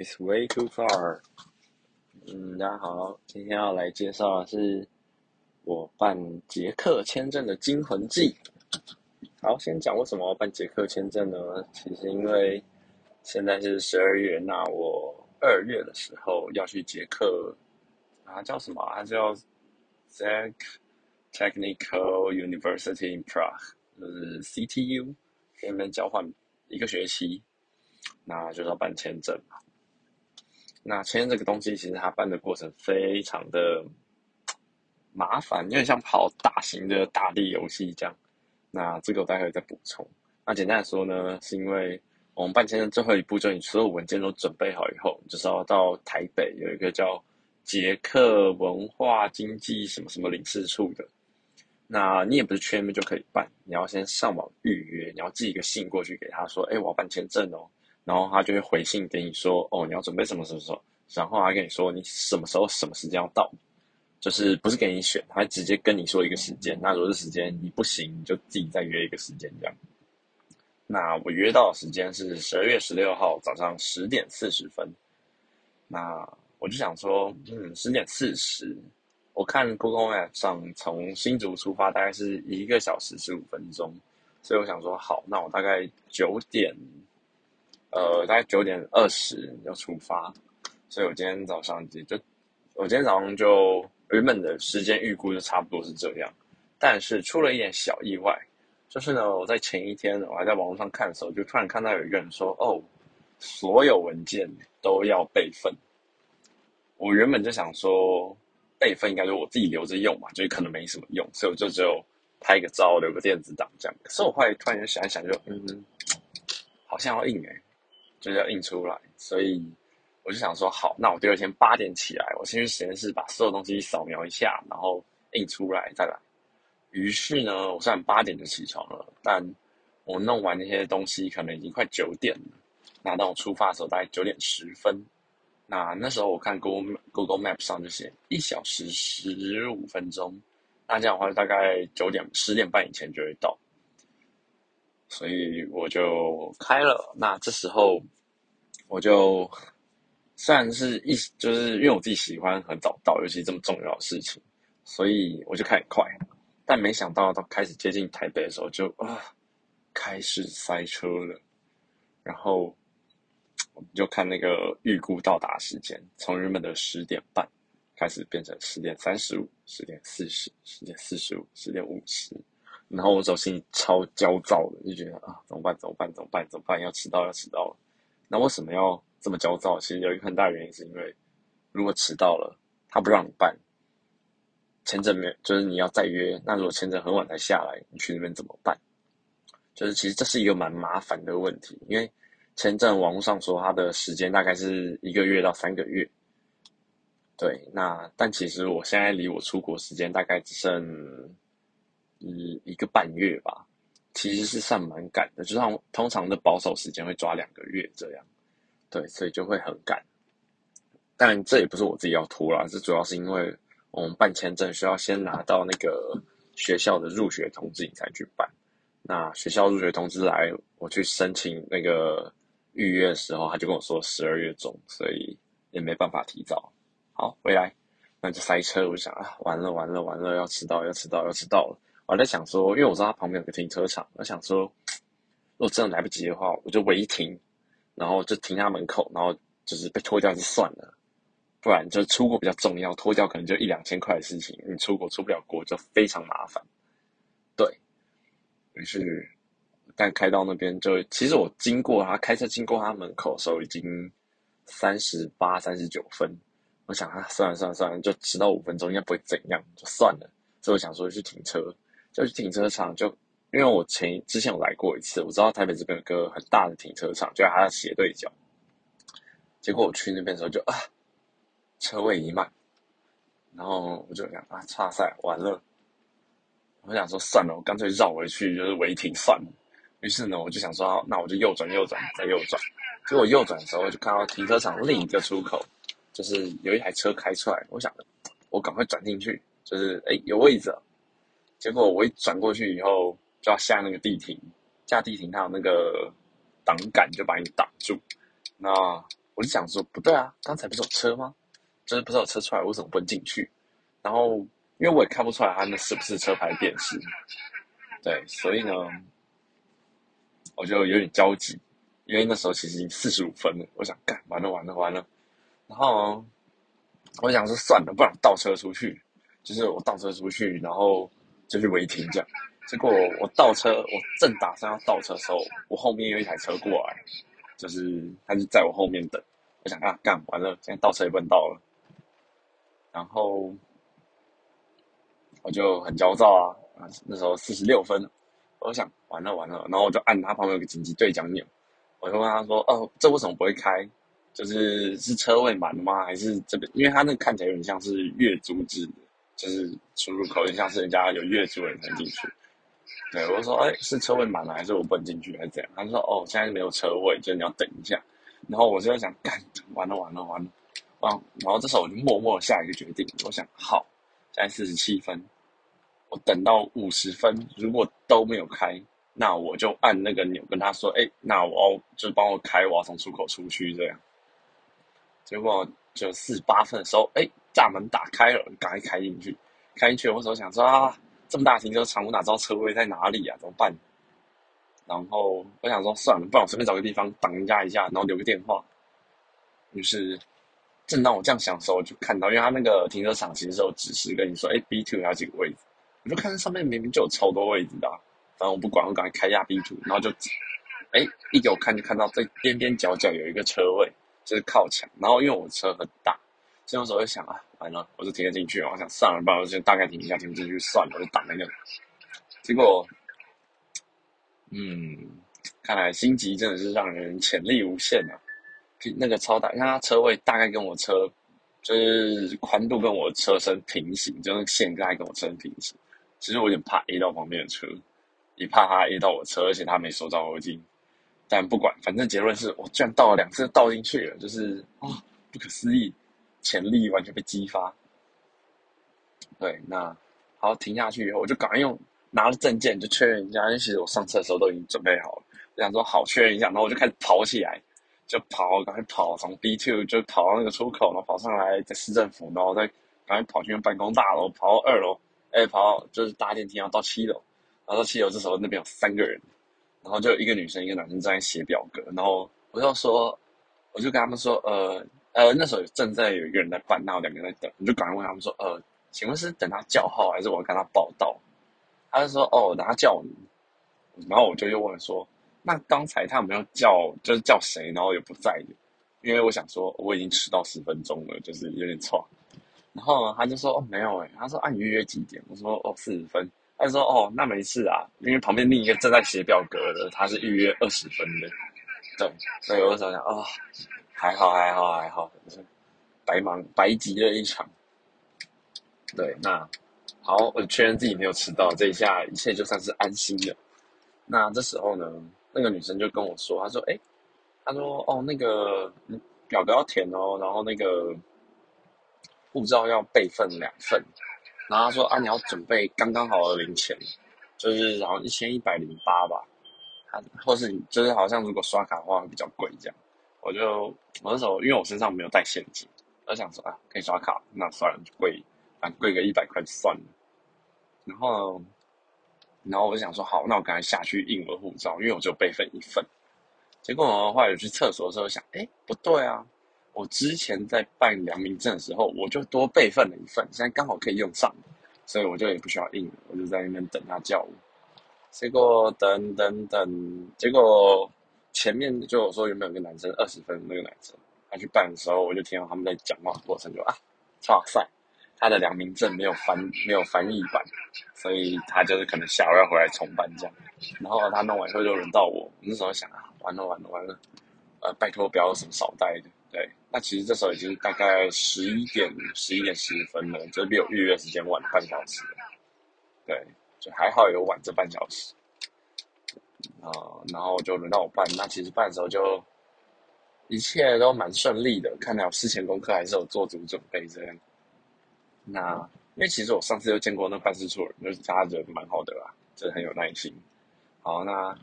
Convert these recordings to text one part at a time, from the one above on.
It's way too far。嗯，大家好，今天要來介紹的是我辦捷克簽證的驚魂記。好，先講為什麼要辦捷克簽證呢？其實因為現在是十二月，那我二月的時候要去捷克啊，叫什麼？它叫 Czech Technical University in Prague，就是 CTU 跟他們交換一個學期，那就是要辦簽證。那簽證這個東西，其實它辦的過程非常的麻煩，有點像跑大型的大地遊戲這樣。那這個我待會再補充。那簡單來說呢，是因為我們辦簽證最後一步，就是你所有文件都準備好以後，你就是要到台北有一個叫捷克文化經濟什麼什麼領事處的。那你也不是全民就可以辦，你要先上網預約，你要寄一個信過去給他說：“哎，我要辦簽證哦。”然後他就會回信給你說，哦，你要準備什麼什麼什麼，然後還跟你說你什麼時候什麼時間要到，就是不是給你選，他直接跟你說一個時間。那如果是時間你不行，就自己再約一個時間這樣。那我約到的時間是十二月十六號早上十點四十分。那我就想說，嗯，十點四十，我看 Google Map 上從新竹出發大概是一個小時十五分鐘，所以我想說好，那我大概九點。呃，大概九點二十要出發，所以我今天早上就，我今天早上就原本的時間預估就差不多是這樣，但是出了一點小意外，就是呢，我在前一天我還在網絡上看的時候，就突然看到有一個人說：“哦，所有文件都要備份。”我原本就想說備份應該就我自己留着用嘛，就是可能沒什麼用，所以我就只有拍個照，留個電子檔這樣。可是我後來突然想一想就，就嗯，好像要印欸。就是要印出來，所以我就想說，好，那我第二天八點起來，我先去實驗室把所有東西掃描一下，然後印出來再來。於是呢，我雖然八點就起床了，但我弄完那些東西可能已經快九點了。那當我出發的時候大概九點十分，那那時候我看 Google, Google Google Map 上就寫一小時十五分鐘，那這樣的話大概九點十點半以前就會到。所以我就開了，那這時候我就雖然是一，就是因為我自己喜歡很早到，尤其這麼重要的事情，所以我就開快，但沒想到到開始接近台北的時候就，就啊開始塞車了。然後我們就看那個預估到達時間，從原本的十點半開始變成十點三十五、十點四十、十點四十五、十點五十。然後我走，心裡超焦躁的，就覺得啊，怎麼辦？怎麼辦？怎麼辦？怎麼辦？要遲到，要遲到了。那為什麼要這麼焦躁？其實有一個很大的原因是因為，如果遲到了，他不讓你辦簽證，沒有，就是你要再約。那如果簽證很晚才下來，你去那邊怎麼辦？就是其實這是一個蠻麻煩的問題，因為簽證網路上說它的時間大概是一個月到三個月。對，那但其實我現在離我出國時間大概只剩。嗯，一個半月吧，其實是算蠻趕的，就像通常的保守時間會抓兩個月這樣，對，所以就會很趕。但這也不是我自己要拖啦，這主要是因為我們辦簽證需要先拿到那個學校的入學通知，你才去辦。那學校入學通知來，我去申請那個預約的時候，他就跟我說十二月中，所以也沒辦法提早。好，回來那就塞車，我想啊，完了完了完了，要遲到要遲到要遲到了。我在想說，因為我知道他旁邊有個停車場，我想說，如果真的來不及的話，我就違停，然後就停他門口，然後就是被拖掉就算了，不然就出國比較重要，拖掉可能就一兩千塊的事情，你出國出不了國就非常麻煩。對，於是，但開到那邊就，其實我經過他，開車經過他門口的時候已經三十八、三十九分，我想啊，算了算了算了，就遲到五分鐘應該不會怎樣，就算了，所以我想說就去停車。就去停車場就，就因為我前之前有來過一次，我知道台北這邊有個很大的停車場，就在它的斜對角。結果我去那邊的時候就，就啊車位已滿，然後我就想啊，差賽完了。我想說算了，我乾脆繞回去，就是違停算了。於是呢，我就想說，那我就右轉，右轉，再右轉。結果我右轉的時候，就看到停車場另一個出口，就是有一台車開出來。我想，我趕快轉進去，就是，哎、欸，有位置啊了。結果我一轉過去以後，就要下那個地停，下地停，它有那個擋杆就把你擋住。那我就想說，不對啊，剛才不是有車嗎？就是不是有車出來，我為什麼不能進去？然後因為我也看不出來它那是不是車牌辨識，對，所以呢，我就有點焦急，因為那時候其實已經四十五分了，我想，幹，完了完了完了。然後我想說，算了，不然倒車出去，就是我倒車出去，然後。就是違停這樣，結果我倒車，我正打算要倒車的時候，我後面有一台車過來，就是他就在我後面等，我想啊幹完了，現在倒車也不能倒了，然後我就很焦躁啊，那時候四十六分，我想完了完了，然後我就按他旁邊有個緊急對講鈕，我就問他說：“哦、呃，這為什麼不會開？就是是車位滿了嗎？還是這邊？因為他那個看起來有點像是月租制的。”就是出入口，一下是人家有月租才能進去。對我就說：“哎、欸，是車位滿了，還是我不能進去，還是怎樣？”他說：“哦，現在沒有車位，就你要等一下。”然後我就想：“幹，完了，完了，完了！”啊，然後這時候我就默默下一個決定，我想：“好，現在四十七分，我等到五十分，如果都沒有開，那我就按那個鈕跟他說：‘哎、欸，那我要就幫我開，我要從出口出去這樣。’”結果就48分的時候，哎，大門打開了，趕快開進去。開進去，我的時候想說啊，這麼大的停車場，我哪知道車位在哪裡啊？怎麼辦？然後我想說，算了，不然我隨便找個地方擋一下一下，然後留個電話。於是，正當我這樣想的時候，我就看到，因為他那個停車場其實有指示跟你說，哎，B two 還有幾個位置，我就看到上面明明就有超多位置的。然後我不管，我趕快開下 B two，然後就，哎，一給我看就看到在邊邊角角有一個車位。就是靠牆，然後因為我車很大，所以那時候就想啊，完了！我就停了進去，我想算了，不然，我就大概停一下，停不進去算了，我就擋在那。結果，嗯，看來心急真的是讓人潛力無限啊。那個超大，你看它車位大概跟我車就是寬度跟我車身平行，就是線大概跟我車身平行。其實我有點怕 A 到旁邊的車，也怕他 A 到我車，而且他沒收到我毛巾。但不管，反正結論是我居然倒了兩次倒進去了，就是啊、哦，不可思議，潛力完全被激發。對，那好停下去以後，我就趕快用拿着證件就確認一下，因為其實我上車的時候都已經準備好了，我想說，好，確認一下，然後我就開始跑起來，就跑，趕快跑，從 B two 就跑到那個出口，然後跑上來在市政府，然後再趕快跑去辦公大樓，跑到二樓，哎、欸，跑到就是搭電梯，然後到七樓，然後到七樓這時候那邊有三個人。然後就一個女生一個男生在寫表格，然後我就說，我就跟他們說，呃呃，那時候正在有一個人在辦，那我兩個人在等，我就趕快問他們說，呃，請問是等他叫號還是我要跟他報到？他就說，哦，等他叫你。然後我就又問他說，那剛才他有沒有叫，就是叫誰？然後也不在，因為我想說我已經遲到十分鐘了，就是有點錯。然後呢，他就說，哦，沒有哎、欸，他說按預約幾點？我說，哦，四十分。他說：“哦，那沒事啊，因為旁邊另一個正在寫表格的，他是預約二十分的，對，所以我就想想，哦，還好，還好，還好，白忙白急了一場。對，那好，我確認自己沒有遲到，這一下一切就算是安心了。那這時候呢，那個女生就跟我說，她說，誒，她說，哦，那個表格要填哦，然後那個護照要備份兩份。”然後他說：“啊，你要準備剛剛好的零錢，就是好像一千一百零八吧，他或是你就是好像如果刷卡的話會比較貴這樣。”我就我那時候因為我身上沒有帶現金，我就想說啊，可以刷卡，那算了、啊，貴，那貴個一百塊就算了。然後，然後我就想說，好，那我趕快下去印我的護照，因為我只有備份一份。結果後來我的話有去廁所的時候想，哎，不對啊。我之前在辦良民證的時候，我就多備份了一份，現在剛好可以用上的，所以我就也不需要印，我就在那邊等他叫我。結果等等等，結果前面就說有沒有一個男生二十分，那個男生他去辦的時候，我就聽到他們在講話過程，就啊，哇塞，他的良民證沒有翻，沒有翻譯版，所以他就是可能下午要回來重辦這樣。然後他弄完之後就輪到我，我那時候想啊，完了完了完了，呃，拜托不要有什麼少帶一點。對，那其實這時候已經大概十一點十一點十分了，就比、是、我預約時間晚了半小時了。對，就還好有晚這半小時。啊、呃，然後就輪到我辦，那其實辦的時候就一切都蠻順利的，看來我事前功課還是有做足準備。這樣，那因為其實我上次就見過那辦事處，就是他人蠻好的啦、啊，真的很有耐心。好，那。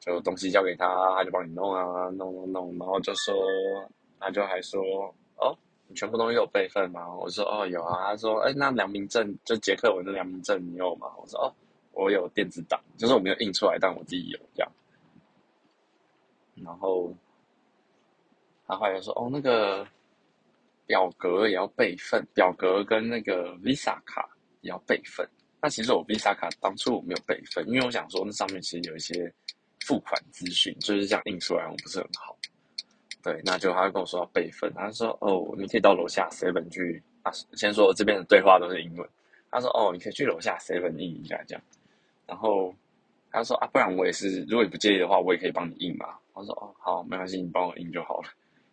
就東西交給他，他就幫你弄啊，弄弄弄，然後就說，他就還說，哦，你全部東西有備份嗎？我說，哦，有啊。他說，哎，那良民證，就捷克文的良民證你有嗎？我說，哦，我有電子檔，就是我沒有印出來，但我自己有這樣。然後他後來說，哦，那個表格也要備份，表格跟那個 Visa 卡也要備份。那其實我 Visa 卡當初我沒有備份，因為我想說，那上面其實有一些。付款資訊就是這樣印出來，我不是很好。對，那他就他跟我說要備份，他說：“哦，你可以到樓下 seven 去啊。”先說這邊的對話都是英文。他說：“哦，你可以去樓下 seven 印一下這樣。”然後他說：“啊，不然我也是，如果你不介意的話，我也可以幫你印嘛。”我說：“哦，好，沒關係，你幫我印就好了。啊”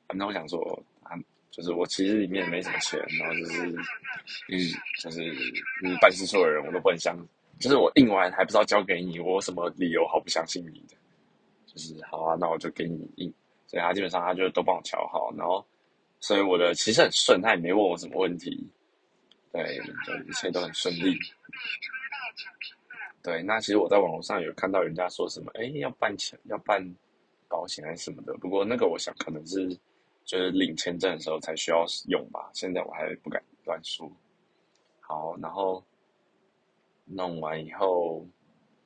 反正我想說啊，就是我其實裡面沒什麼錢，然後就是嗯，就是嗯、就是就是、辦事處的人，我都不很相，就是我印完還不知道交給你，我有什麼理由好不相信你的？是好啊，那我就給你印，所以他基本上他就都幫我喬好，然後，所以我的其實很順，他也沒問我什麼問題，對，對一切都很順利。對，那其實我在網絡上有看到人家說什麼，哎，要辦簽，要辦保險還是什麼的，不過那個我想可能是就是領簽證的時候才需要用吧，現在我還不敢亂說。好，然後弄完以後，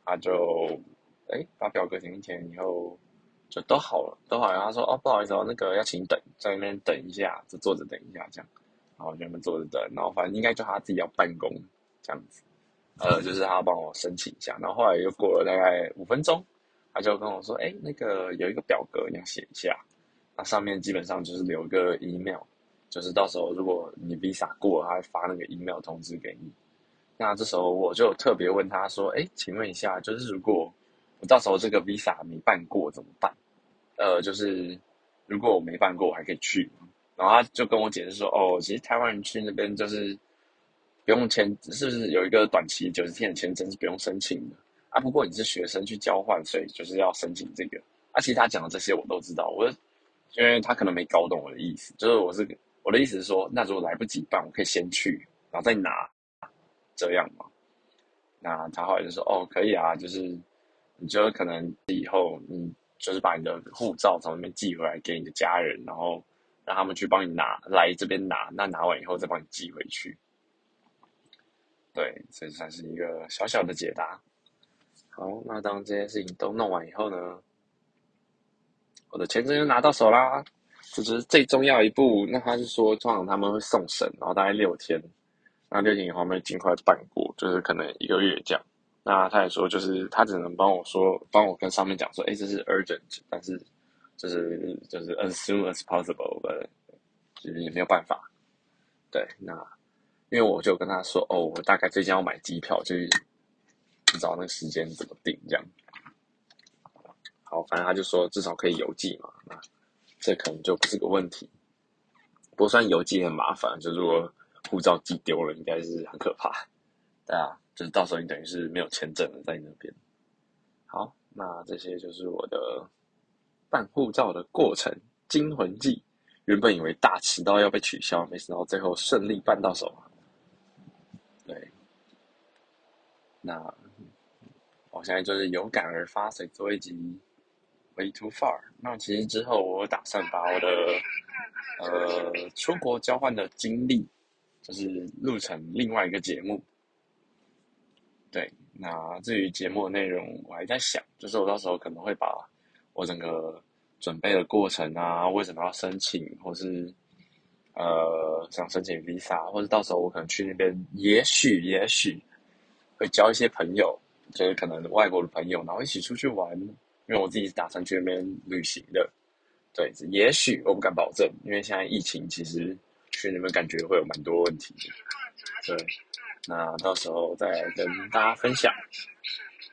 他就。哎、欸，把表格填一填以後，就都好了，都好了。他說：“哦，不好意思哦，那個要請等，在那邊等一下，就坐着等一下這樣。”然後就那麼坐着等，然後反正應該就他自己要辦公這樣子。呃，就是他幫我申請一下，然後後來又過了大概五分鐘，他就跟我說：“哎、欸，那個有一個表格你要寫一下，那上面基本上就是留個 email，就是到時候如果你 visa 過了，他會發那個 email 通知給你。”那這時候我就特別問他說：“哎、欸，請問一下，就是如果……”我到時候這個 visa 沒辦過怎麼辦？呃，就是如果我沒辦過，我還可以去嗎？然後他就跟我解釋說：“哦，其實台灣人去那邊就是不用簽，是不是有一個短期九十天的簽證是不用申請的啊？不過你是學生去交換，所以就是要申請這個啊。”其實他講的這些我都知道，我就因為他可能沒搞懂我的意思，就是我是我的意思是說，那如果來不及辦，我可以先去，然後再拿，這樣嘛，那他後來就說：“哦，可以啊，就是。”你就可能以後，你就是把你的護照從那邊寄回來給你的家人，然後讓他們去幫你拿，來這邊拿，那拿完以後再幫你寄回去。對，這算是一個小小的解答。好，那當這些事情都弄完以後呢，我的簽證就拿到手啦，這、就、只是最重要一步。那他是說，通常他們會送審，然後大概六天，那六天以後我們會盡快辦過，就是可能一個月這樣。那他也說，就是他只能幫我說，幫我跟上面講說，哎、欸，這是 urgent，但是就是就是 as soon as possible，就是也沒有辦法。對，那因為我就跟他說，哦，我大概最近要買機票，就是找那個時間怎麼定這樣。好，反正他就說至少可以郵寄嘛，那這可能就不是個問題。不過算郵寄也很麻煩，就是說護照寄丟了應該是很可怕，對啊。就是到時候你等於是沒有簽證了，在你那邊。好，那這些就是我的辦護照的過程，《驚魂記》。原本以為大遲到要被取消，沒想到最後順利辦到手。對。那我現在就是有感而發，想做一集《Way Too Far》。那其實之後我打算把我的呃出國交換的經歷，就是錄成另外一個節目。對，那至於節目的內容，我還在想，就是我到時候可能會把我整個準備的過程啊，為什麼要申請，或是呃想申請 Visa，或者到時候我可能去那邊，也許也許會交一些朋友，就是可能外國的朋友，然後一起出去玩，因為我自己是打算去那邊旅行的。對，也許我不敢保證，因為現在疫情，其實去那邊感覺會有蠻多問題的。對。那到時候再來跟大家分享。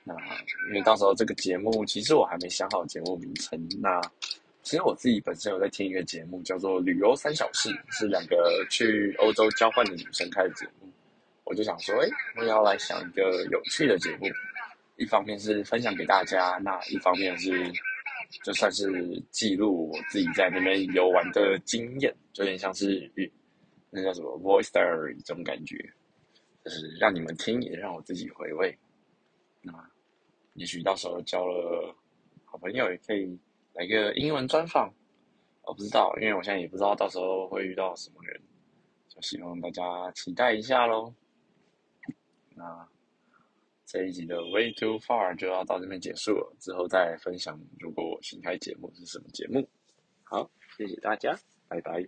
那因為到時候這個節目，其實我還沒想好節目名稱。那其實我自己本身有在聽一個節目，叫做《旅遊三小時》，是兩個去歐洲交換的女生開的節目。我就想說，哎、欸，我也要來想一個有趣的節目。一方面是分享給大家，那一方面是就算是記錄我自己在那邊遊玩的經驗，就有點像是那叫什麼 “voice story” 這種感覺。就是讓你們聽，也讓我自己回味。那也許到時候交了好朋友，也可以來個英文專訪。我、哦、不知道，因為我現在也不知道到時候會遇到什麼人，就希望大家期待一下嘍。那這一集的《Way Too Far》就要到這邊結束了，之後再分享如果我新開節目是什麼節目。好，謝謝大家，拜拜。